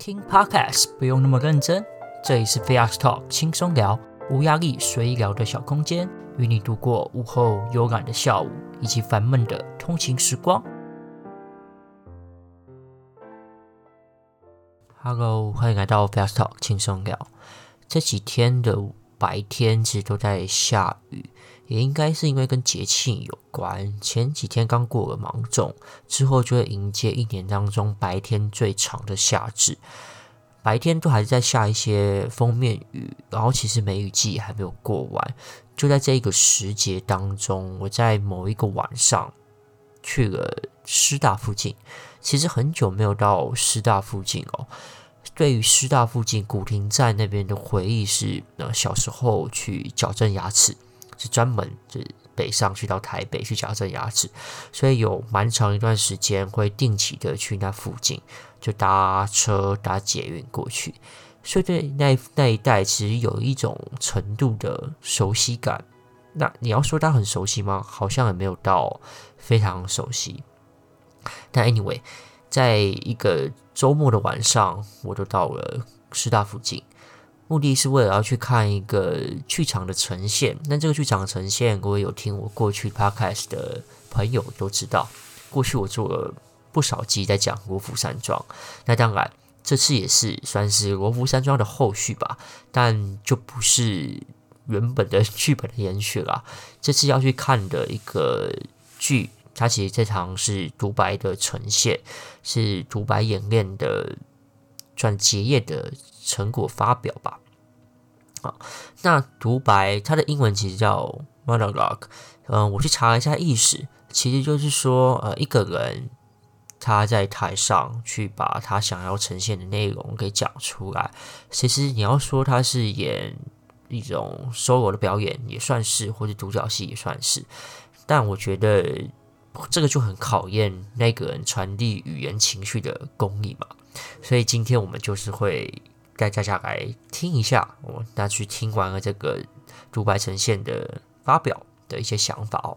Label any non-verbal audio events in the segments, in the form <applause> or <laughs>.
聽 Podcast 不用那麼認真，這裡是 Facts Talk 輕鬆聊，無壓力隨意聊的小空間，與你度過午後慵懶的下午以及煩悶的通勤時光。Hello，歡迎來到 Facts Talk 輕鬆聊。這幾天的白天其實都在下雨。也應該是因為跟節氣有關。前幾天剛過了芒種，之後就會迎接一年當中白天最長的夏至。白天都還是在下一些鋒面雨，然後其實梅雨季還沒有過完。就在這個時節當中，我在某一個晚上去了師大附近。其實很久沒有到師大附近哦、喔。對於師大附近古亭站那邊的回憶是，呃，小時候去矯正牙齒。是專門就是北上去到台北去矯正牙齒，所以有蠻長一段時間會定期的去那附近，就搭車搭捷運過去，所以對那那一帶其實有一種程度的熟悉感。那你要說他很熟悉嗎？好像也沒有到非常熟悉。但 anyway，在一個周末的晚上，我就到了師大附近。目的是為了要去看一個劇場的呈現，那這個劇場的呈現，各位有聽我過去 Podcast 的朋友都知道，過去我做了不少集在講羅浮山莊，那當然這次也是算是羅浮山莊的後續吧，但就不是原本的劇本的延續啦。這次要去看的一個劇，它其實這場是獨白的呈現，是獨白演練的。算結業的成果發表吧，啊。好，那獨白它的英文其實叫 monologue。嗯，我去查了一下，意思其實就是說，呃，一個人他在台上去把他想要呈現的內容給講出來。其實你要說他是演一種 solo 的表演，也算是，或者獨角戲也算是。但我覺得這個就很考驗那個人傳遞語言情緒的功力嘛。所以今天我們就是會帶大家來聽一下，我那去聽完了這個獨白呈現的發表的一些想法哦。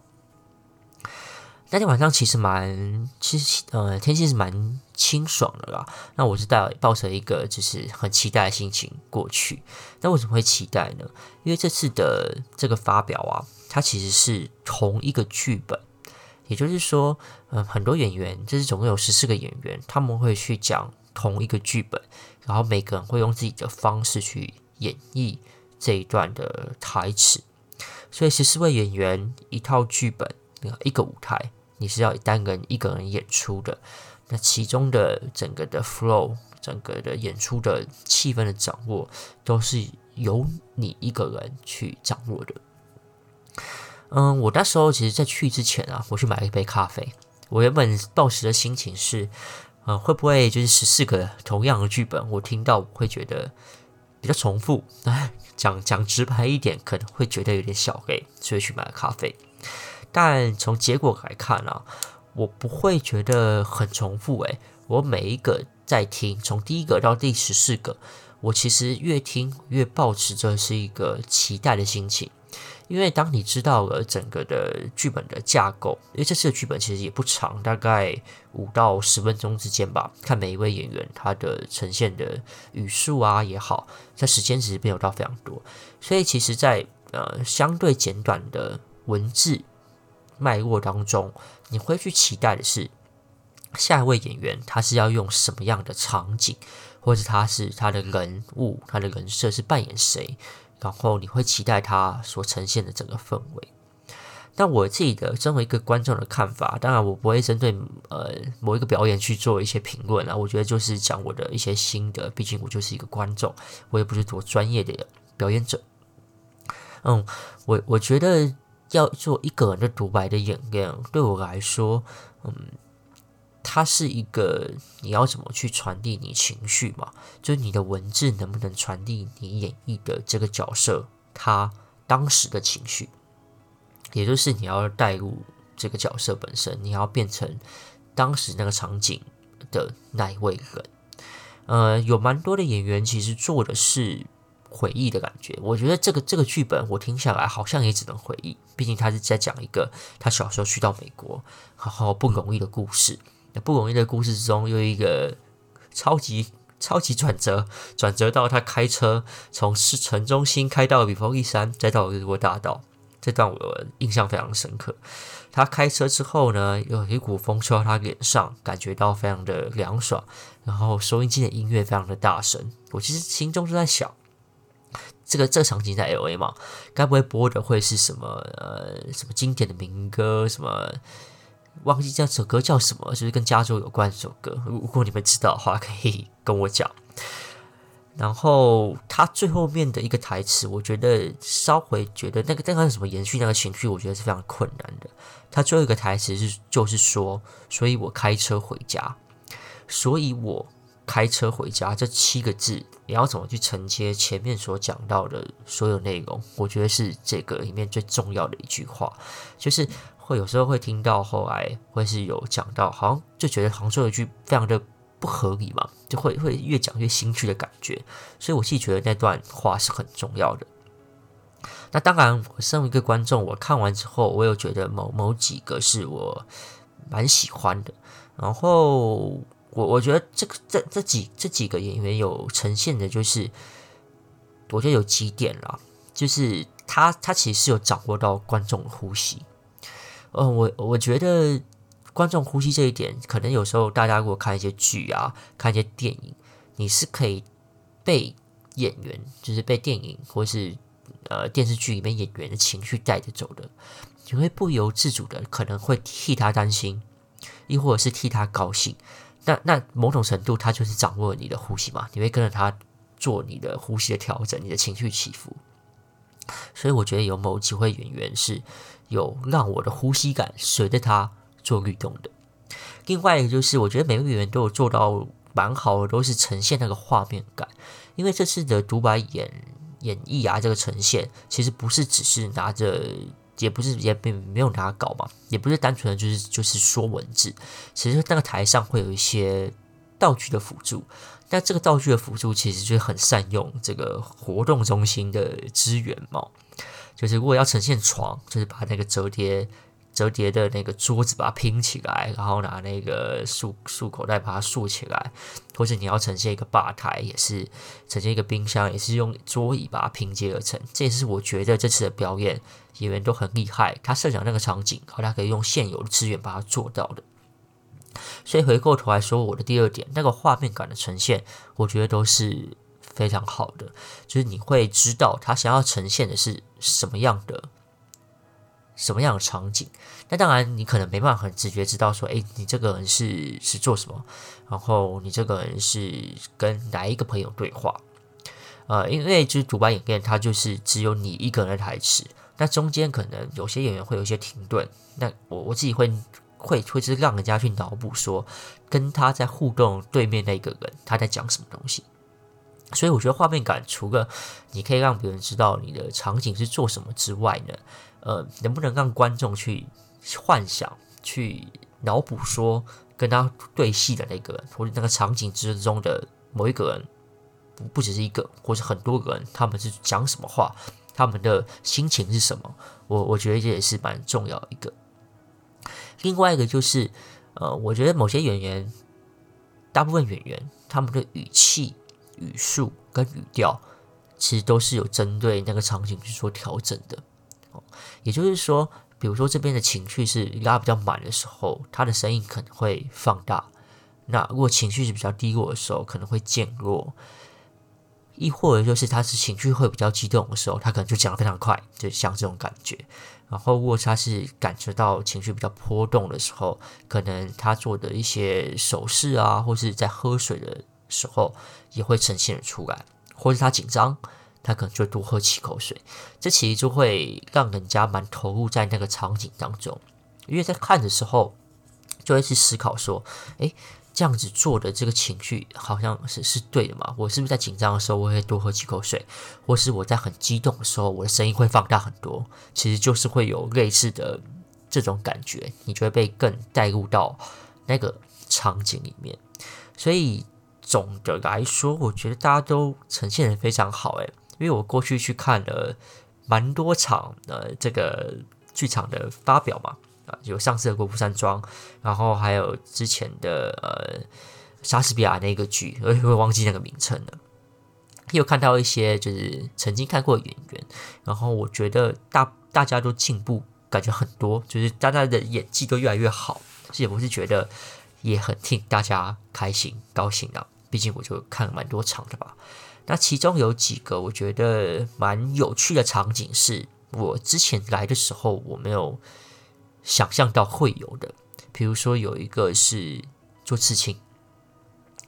那天晚上其實蠻，其實呃天氣是蠻清爽的啦。那我是帶抱着一個就是很期待的心情過去。那為什麼會期待呢？因為這次的這個發表啊，它其實是同一個劇本，也就是說，嗯、呃，很多演員，這是總共有十四個演員，他們會去講。同一個劇本，然後每個人會用自己的方式去演繹這一段的台詞，所以十四位演員一套劇本，一個舞台，你是要單個人一個人演出的。那其中的整個的 flow，整個的演出的氣氛的掌握，都是由你一個人去掌握的。嗯，我那時候其實在去之前啊，我去買了一杯咖啡。我原本到時的心情是，啊、嗯，會不會就是十四個同樣的劇本？我聽到我會覺得比較重複。哎，講講直白一點，可能會覺得有點小黑，所以去買了咖啡。但從結果來看啊，我不會覺得很重複、欸。誒，我每一個在聽，從第一個到第十四個，我其實越聽越抱持着是一個期待的心情。因為當你知道了整個的劇本的架構，因為這次的劇本其實也不長，大概五到十分鐘之間吧。看每一位演員他的呈現的語速啊也好，在時間其實沒有到非常多，所以其實在，在呃相對簡短的文字脈絡當中，你會去期待的是下一位演員他是要用什麼樣的場景，或者他是他的人物，他的人設是扮演誰。然後你會期待它所呈現的整個氛圍。那我自己的身為一個觀眾的看法，當然我不會針對呃某一個表演去做一些評論啊。我覺得就是講我的一些心得，畢竟我就是一個觀眾，我也不是多專業的表演者。嗯，我我覺得要做一個人的獨白的演練，對我來說，嗯。它是一個你要怎麼去傳遞你情緒嘛？就是你的文字能不能傳遞你演繹的這個角色他當時的情緒，也就是你要帶入這個角色本身，你要變成當時那個場景的那一位人。呃，有蠻多的演員其實做的是回憶的感覺。我覺得這個這個劇本我聽下來好像也只能回憶，畢竟他是在講一個他小時候去到美國，好好不容易的故事。也不容易的故事之中，有一個超級超級轉折，轉折到他開車從市城中心開到了比佛利山，再到日落大道。這段我印象非常深刻。他開車之後呢，有一股風吹到他臉上，感覺到非常的涼爽。然後收音機的音樂非常的大聲。我其實心中就在想，這個這場景在 LA 嘛，該不會播的會是什麼呃什麼經典的民歌什麼？忘記這首歌叫什麼，就是，是跟加州有關的一首歌。如果你們知道的話，可以跟我講。然後他最後面的一個台詞，我覺得稍微覺得那個剛剛是什麼延續那個情緒，我覺得是非常困難的。他最後一個台詞是就是說，所以我開車回家，所以我開車回家這七個字，你要怎麼去承接前面所講到的所有內容？我覺得是這個裡面最重要的一句話，就是。會有時候會聽到，後來會是有講到，好像就覺得好像說一句非常的不合理嘛，就會會越講越心虛的感覺。所以我自己覺得那段話是很重要的。那當然，我身為一個觀眾，我看完之後，我又覺得某某幾個是我蠻喜歡的。然後我我覺得這個這這幾這幾個演員有呈現的就是，我覺得有幾點啦，就是他他其實是有掌握到觀眾的呼吸。呃、嗯，我我覺得觀眾呼吸這一點，可能有時候大家如果看一些劇啊，看一些電影，你是可以被演員，就是被電影或是呃電視劇裡面演員的情緒帶着走的，你會不由自主的可能會替他擔心，亦或是替他高興。那那某種程度，他就是掌握你的呼吸嘛，你會跟着他做你的呼吸的調整，你的情緒起伏。所以我覺得有某幾位演員是。有讓我的呼吸感隨着它做律動的，另外一個就是我覺得每個演員都有做到蠻好的，都是呈現那個畫面感。因為這次的獨白演演繹啊，這個呈現其實不是只是拿着，也不是也沒有拿稿嘛，也不是單純的就是就是說文字，其實那個台上會有一些道具的輔助，那這個道具的輔助其實就很善用這個活動中心的資源嘛。就是如果要呈現床，就是把那個折疊折疊的那個桌子把它拼起來，然後拿那個束束口袋把它束起來，或者你要呈現一個吧台，也是呈現一個冰箱，也是用桌椅把它拼接而成。這也是我覺得這次的表演演員都很厲害，他設想那個場景，好，他可以用現有的資源把它做到的。所以回過頭來說，我的第二點，那個畫面感的呈現，我覺得都是非常好的，就是你會知道他想要呈現的是。什麼樣的什麼樣的場景？那當然，你可能沒辦法很直覺知道說，哎，你這個人是是做什麼，然後你這個人是跟哪一個朋友對話？呃，因為就是獨白演練，它就是只有你一個人台詞。那中間可能有些演員會有一些停頓，那我我自己會會會是讓人家去腦補說，跟他在互動對面那個人他在講什麼東西。所以我覺得畫面感，除了你可以讓別人知道你的場景是做什麼之外呢，呃，能不能讓觀眾去幻想、去腦補，說跟他對戲的那個或者那個場景之中的某一個人，不不只是一個，或是很多個人，他們是講什麼話，他們的心情是什麼？我我覺得這也是蠻重要一個。另外一個就是，呃，我覺得某些演員，大部分演員他們的語氣。語速跟語調其實都是有針對那個場景去做調整的。也就是說，比如說這邊的情緒是拉比較滿的時候，他的聲音可能會放大；那如果情緒是比較低落的時候，可能會減弱；亦或者就是他是情緒會比較激動的時候，他可能就講的非常快，就像這種感覺。然後，如果他是感覺到情緒比較波動的時候，可能他做的一些手勢啊，或是在喝水的。時候也會呈現出來，或是他緊張，他可能就多喝幾口水，這其實就會讓人家蠻投入在那個場景當中，因為在看的時候就會去思考說，誒，這樣子做的這個情緒好像是是對的嘛？我是不是在緊張的時候我會多喝幾口水，或是我在很激動的時候我的聲音會放大很多，其實就是會有類似的這種感覺，你就會被更帶入到那個場景裡面，所以。總的來說，我覺得大家都呈現的非常好哎，因為我過去去看了蠻多場呃，這個劇場的發表嘛，啊，有上次的《國富山莊》，然後還有之前的呃莎士比亞那個劇，我也會忘記那個名稱了。又看到一些就是曾經看過的演員，然後我覺得大大家都進步，感覺很多，就是大家的演技都越來越好，所以我是覺得也很替大家開心高興的、啊。畢竟我就看了蠻多場的吧，那其中有幾個我覺得蠻有趣的場景，是我之前來的時候我沒有想象到會有的。比如說有一個是做刺青，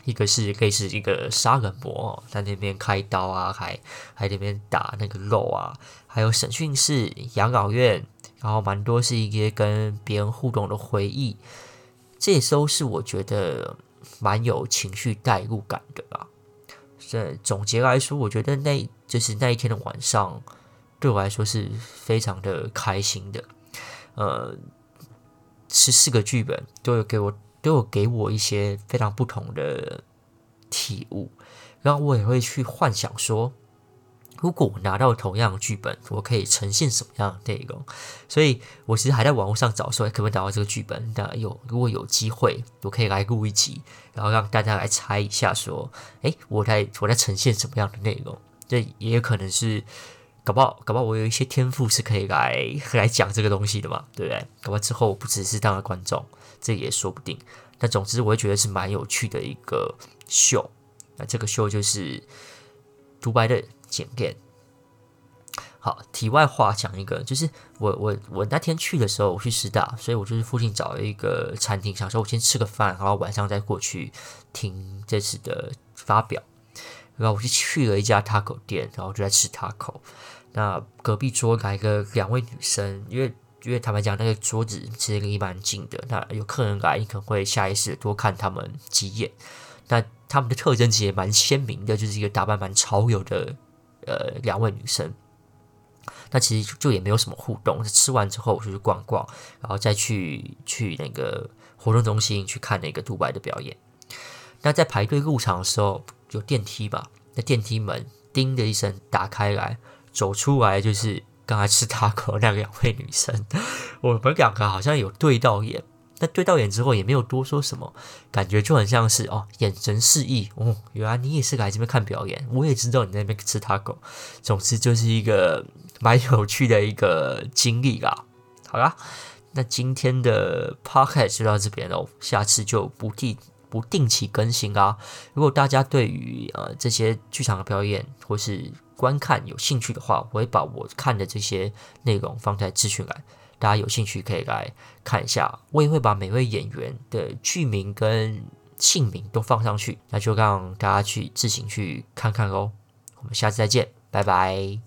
一個是可以是一個殺人魔在那邊開刀啊，還還在那邊打那個肉啊，還有審訊室、養老院，然後蠻多是一些跟別人互動的回憶，這時候是我覺得。蠻有情緒代入感的吧。所以總結來說，我覺得那就是那一天的晚上，對我來說是非常的開心的。呃，十四個劇本都有給我，都有給我一些非常不同的體悟，然後我也會去幻想說。如果我拿到同樣的劇本，我可以呈現什麼樣的內容？所以我其實還在網絡上找說，可不可以找到這個劇本？那有如果有機會，我可以來錄一集，然後讓大家來猜一下，說，哎，我在我在呈現什麼樣的內容？這也有可能是，搞不好搞不好我有一些天賦是可以來來講這個東西的嘛，對不對？搞不好之後我不只是當了觀眾，這也說不定。但總之，我覺得是蠻有趣的一個秀。那這個秀就是獨白的。簡練。好，題外話講一個，就是我我我那天去的時候，我去師大，所以我就是附近找了一個餐廳，想說我先吃個飯，然後晚上再過去聽這次的發表。然後我就去了一家 taco 店，然後就在吃 taco。那隔壁桌來個兩位女生，因為因為坦白講，那個桌子其實離蠻近的。那有客人來，你可能會下意識多看他們幾眼。那他們的特徵其實也蠻鮮明的，就是一個打扮蠻潮流的。呃，兩位女生，那其實就也沒有什麼互動。就吃完之後我就去逛逛，然後再去去那個活動中心去看那個獨白的表演。那在排隊入場的時候，有電梯吧？那電梯門“叮”的一聲打開來，走出來就是剛才吃 Taco 那個兩位女生。 <laughs> 我們兩個好像有對到眼。那對到眼之後也沒有多說什麼，感覺就很像是哦，眼神示意哦，原來、啊、你也是來這邊看表演，我也知道你在那邊吃 Taco，總之就是一個蠻有趣的一個經歷啦。好啦，那今天的 Podcast 就到這邊哦，下次就不定不定期更新啊。如果大家對於呃這些劇場的表演或是觀看有興趣的話，我會把我看的這些內容放在資訊欄。大家有興趣可以來看一下，我也會把每位演員的劇名跟姓名都放上去，那就讓大家去自行去看看嘍、哦。我們下次再見，拜拜。